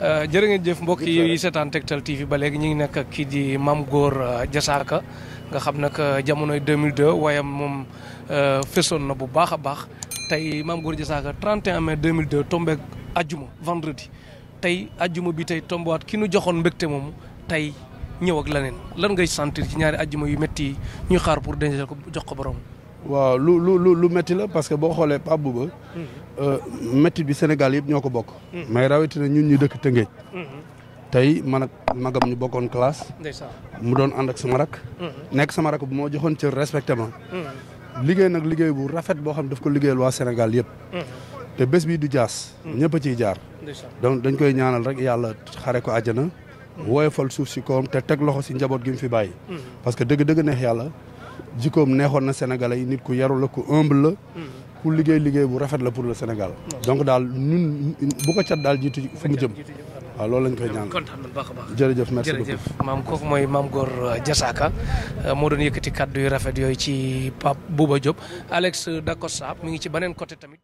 Euh, jërë ngeen jëf mbokk yi seetaan TV ba léegi ñu ngi nekk kii di maam góor euh, Diazaka nga xam nag euh, jamonoy deux waaye moom fesoon na bu baax a baax tey Mame mais Diazaka mille mai 2002 tombeek ajjuma vendredi tey ajjuma bi tey tombewaat ki nu joxoon mbégte moom tey ñëw ak leneen lan ngay santir ci ñaari ajjuma yu métti yi ñuy xaar pour denc ko jox ko borom. waaw lu lu lu lu métti la parce que boo xoolee Pape Bouba métti mm-hmm. euh, bi Sénégal yëpp ñoo ko bokk. Mm-hmm. mais rawatina ñun ñu dëkk Tëngéej. Mm-hmm. tey man a magam ñu bokkoon classe. mu doon ànd ak sama rak. nekk sama bu moo joxoon cër respecté ma. liggéey nag liggéey bu rafet boo xam daf ko liggéeyal waa Sénégal yëpp. te bés bii du jaas. ñëpp a ciy jaar. donc dañ koy ñaanal rek yàlla xare ko àjjana. woyofal suuf si koom te teg loxo si njaboot gi mu fi bàyyi. parce que dëgg jikkoom neexoon na Sénégalais yi nit ku yaru la ku humble la. ku liggéey liggéey bu rafet la pour la Sénégal. donc daal ñun bu ko cat daal jiitu fu mu jëm. waaw loolu lañ koy ñaan kontaan a baax jërëjëf merci beaucoup maam kooku mooy maam Góor euh, Diasaka euh, moo doon yëkkati kàddu yu rafet yooyu ci Pape Bouba Diop Alex Dacosta mi ngi ci beneen côté tamit.